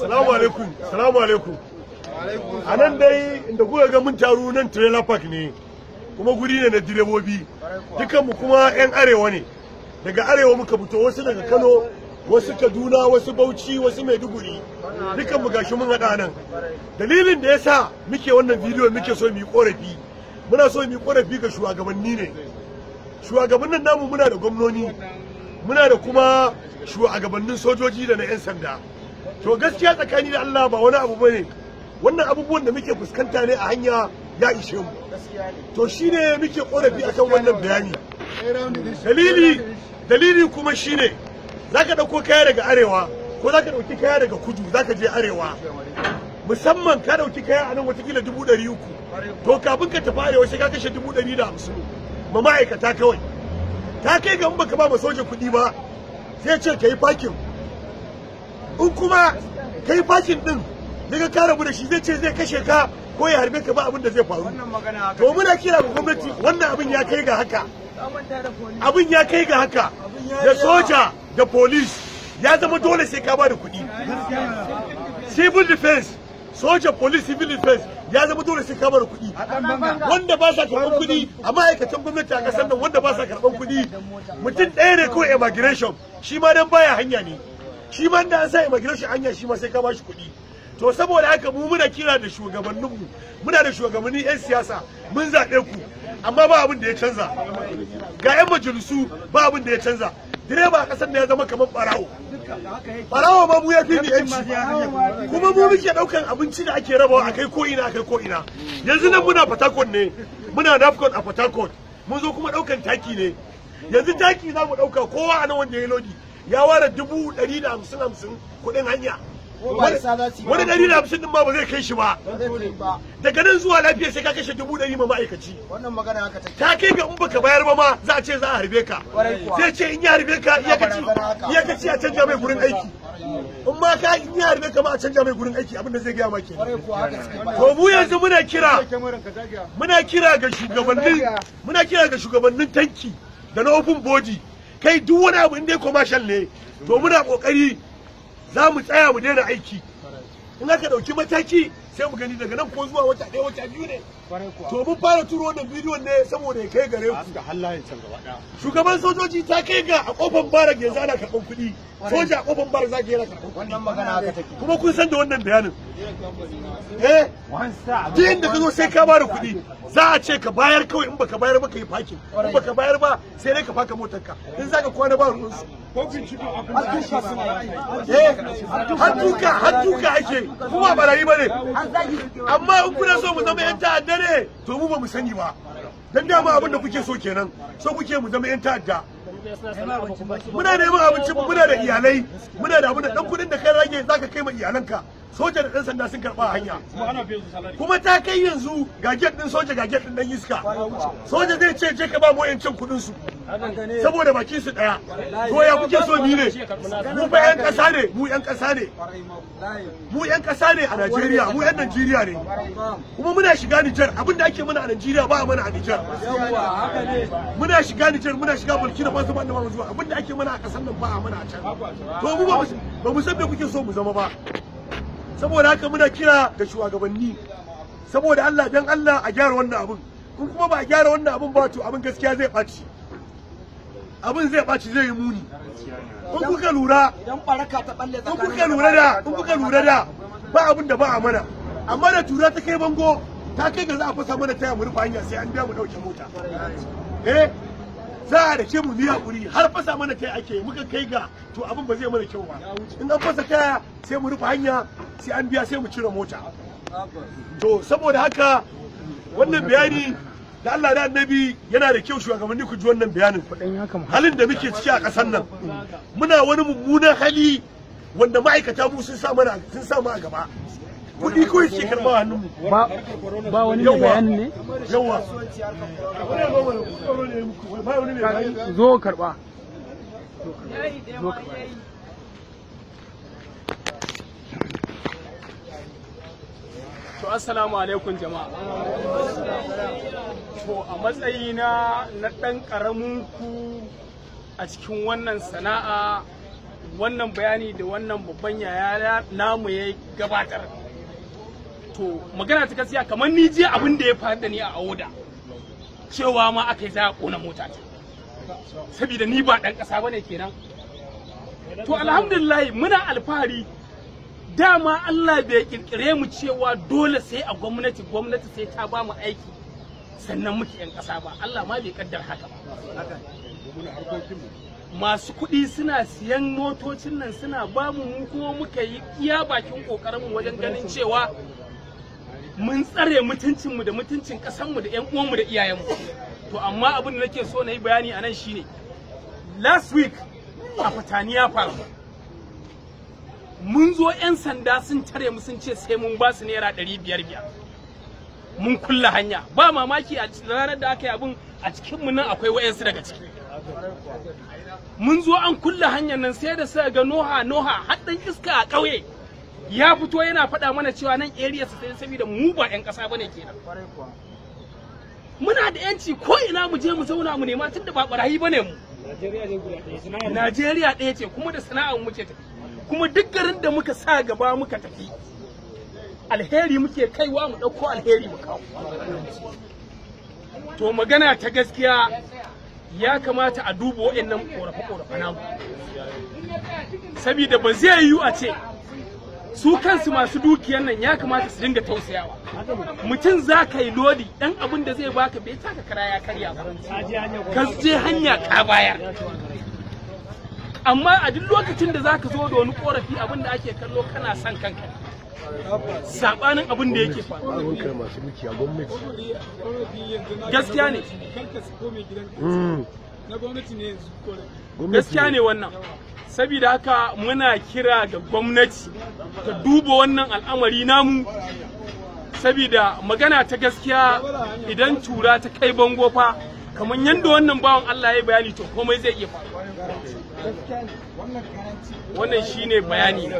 Salamu alaikum, salamu alaikum. A nan dai da kuka ga mun taru nan trailer park ne, kuma guri ne na direbobi. Dukanmu kuma 'yan arewa ne. Daga arewa muka fito wasu daga Kano, wasu Kaduna, wasu Bauchi, wasu Maiduguri. Dukanmu gashi mun haɗa nan. Dalilin da ya sa muke wannan bidiyo muke so mu yi ƙorafi. Muna so mu yi ƙorafi ga shugabanni ne. Shugabannin namu muna da gwamnoni. muna da kuma shugabannin sojoji da na 'yan sanda to gaskiya tsakani da Allah ba wani abu bane wannan abubuwan da muke fuskanta ne a hanya ya ishe mu to shine muke korafi akan wannan bayani dalili dalili kuma shine zaka dauko kaya daga arewa ko zaka dauki kaya daga kudu zaka je arewa musamman ka dauki kaya a nan watakila dubu ɗari uku to kafin ka tafi arewa sai ka kashe dubu ɗari da hamsin ma ma'aikata kawai ta kai ga mun baka ba ma soje kuɗi ba sai ce ka yi fakin in kuma kai yi fakin ɗin daga ka rabu da shi zai ce zai kashe ka ko ya harbe ka ba abin da zai faru to muna kira ga gwamnati wannan abin ya kai ga haka abin ya kai ga haka da soja da police ya zama dole sai ka ba da kuɗi civil defense soja police civil defense ya zama dole sai ka bada kuɗi wanda ba sa karɓar kuɗi a ma'aikatan gwamnati a ƙasar nan wanda ba sa karɓar kuɗi mutum ɗaya ne ko immigration shi ma dan baya hanya ne shi ma da an sa immigration hanya shi ma sai ka bashi kuɗi to saboda haka mu muna kira da shugabanninmu muna da shugabannin 'yan siyasa mun zabe ku amma ba abin da ya canza ga 'yan majalisu ba abin da ya canza direba a kasar da ya zama kamar barawo barawo ma mu ya fi ni yanci kuma mu muke daukan abinci da ake rabawa a kai ko ina a kai ko yanzu nan muna fatakon ne muna nafkon a fatakon mun zo kuma daukan taki ne yanzu taki za mu dauka kowa a nan wanda ya lodi ya ware dubu ɗari da hamsin hamsin kuɗin hanya wani ɗari da hamsin din ba ba zai kai shi ba daga nan zuwa lafiya sai ka kashe dubu ɗari ma ma'aikaci ta kai ga in baka bayar ba ma za a ce za a harbe ka zai ce in ya harbe ka iya ka ci a canja mai gurin aiki in ma ka in ya harbe ka ma a canja mai gurin aiki abinda zai gaya ma ke to mu yanzu muna kira muna kira ga shugabannin muna kira ga shugabannin tanki da na open body kai duk wani abu inda ya commercial ne to muna kokari za mu tsaya mu daina aiki in aka ɗauki mataki sai mu gani daga nan ko zuwa wata ɗaya wata biyu ne to mun fara turo da bidiyon ne saboda ya kai gare ku shugaban sojoji ta kai ga a kofar barak yanzu zana karɓar kuɗi soja a kofar barak zaki yana karɓar kuɗi kuma kun san da wannan bayanin eh duk inda ka zo sai ka bada kuɗi za a ce ka bayar kawai in baka bayar ba ka yi fakin in baka bayar ba sai dai ka faka motar ka in za ka kwana ba ruwansu su har eh, ake kuma barayi ne amma in kuna so mu zama yan ta'adda ne to mu ba mu sani ba dan dama abin da kuke so kenan so kuke mu zama yan ta'adda muna neman abinci muna da iyalai muna da abin da dan kudin da kai rage zaka kai ma iyalanka soja da dan sanda sun karba hanya kuma ta kai yanzu ga gate din soja ga gate din dan iska soja zai ce je ka ba mu yancin kudin su saboda bakin su daya to ya kuke so ni ne mu fa yan kasa ne mu yan kasa ne mu yan kasa ne a Najeriya mu yan Najeriya ne kuma muna shiga Nijar abinda ake mana a Najeriya ba mana a Nijar muna shiga Nijar muna shiga Burkina Faso ba mu zuwa abinda ake mana a kasar nan ba a mana a can to mu ba mu san me kuke so mu zama ba saboda haka muna kira ga shugabanni saboda Allah dan Allah a gyara wannan abun kun kuma ba a gyara wannan abun ba to abin gaskiya zai ɓaci abin zai ɓaci zai yi muni in kuka lura in kuka lura da in kuka lura da ba abin da ba a mana amma da tura ta kai bango ta kai ga za a fasa mana taya mu hanya sai an biya mu ɗauke mota eh za a dace mu biya kuri har fasa mana taya ake muka kai ga to abin ba zai mana kyau ba in an fasa taya sai mu rufe hanya sai an biya sai mu cire mota to saboda haka wannan bayani da Allah da annabi yana da kyau shugabanni ku ji wannan bayanin halin da muke ciki a ƙasar nan muna wani mummunan hali wanda ma'aikata mu sun sa mana sun sa mu a gaba kuɗi ko yake karɓa hannun mu ba wani mai bayani ne yawa zo karɓa zo karɓa to assalamu alaikum jama'a to a matsayina na ɗan ƙaramin ku a cikin wannan sana'a wannan bayani da wannan babban yaya namu ya gabatar to magana ta gaskiya kamar ni je abin da ya faru da ni a auda cewa ma aka yi za a ƙona mota ta saboda ni ba ɗan ƙasa bane kenan to alhamdulillah muna alfahari dama Allah bai kirkire mu cewa dole sai a gwamnati gwamnati sai ta ba mu aiki sannan muke yan ƙasa ba Allah ma bai kaddar haka ba masu kuɗi suna siyan motocin nan suna ba mu mu kuma muka yi iya bakin kokarin mu wajen ganin cewa mun tsare mutuncin mu da mutuncin ƙasar mu da ƴan uwan mu da iyayen mu to amma abin da nake so na yi bayani anan shine last week a fataniya faru mun zo 'yan sanda sun tare mu sun ce sai mun ba su naira ɗari biyar biyar mun kulla hanya ba mamaki a ranar da aka yi abin a cikin cikinmu nan akwai wa'yansu daga ciki mun zo an kulle hanyar nan sai da suka ga noha noha haɗin iska a ƙauye ya fito yana faɗa mana cewa nan area su sai saboda mu ba 'yan ƙasa bane kenan muna da yanci ko ina mu je mu zauna mu nema tunda ba barayi bane mu Najeriya ɗaya ce kuma da sana'ar muke tafi kuma duk garin da muka sa gaba muka tafi alheri muke kaiwa mu ɗauko alheri mu kawo to magana ta gaskiya ya kamata a duba waɗannan ƙorafe-ƙorafe namu saboda ba zai yiwu a ce su kansu masu dukiyar nan ya kamata su dinga tausayawa mutum za ka yi lodi dan abin da zai baka bai taka kara ya karya ba ka je hanya ka bayar amma a duk lokacin da zaka zo da wani korafi abin da ake kallo kana son kanka sabanin abin da yake gaskiya ne hmm. gaskiya ne wannan saboda haka muna kira ga gwamnati ta duba wannan al'amari namu saboda magana ta gaskiya idan tura ta kai bango fa kamar yadda wannan bawan Allah ya bayani to komai zai iya faruwa wannan shine bayani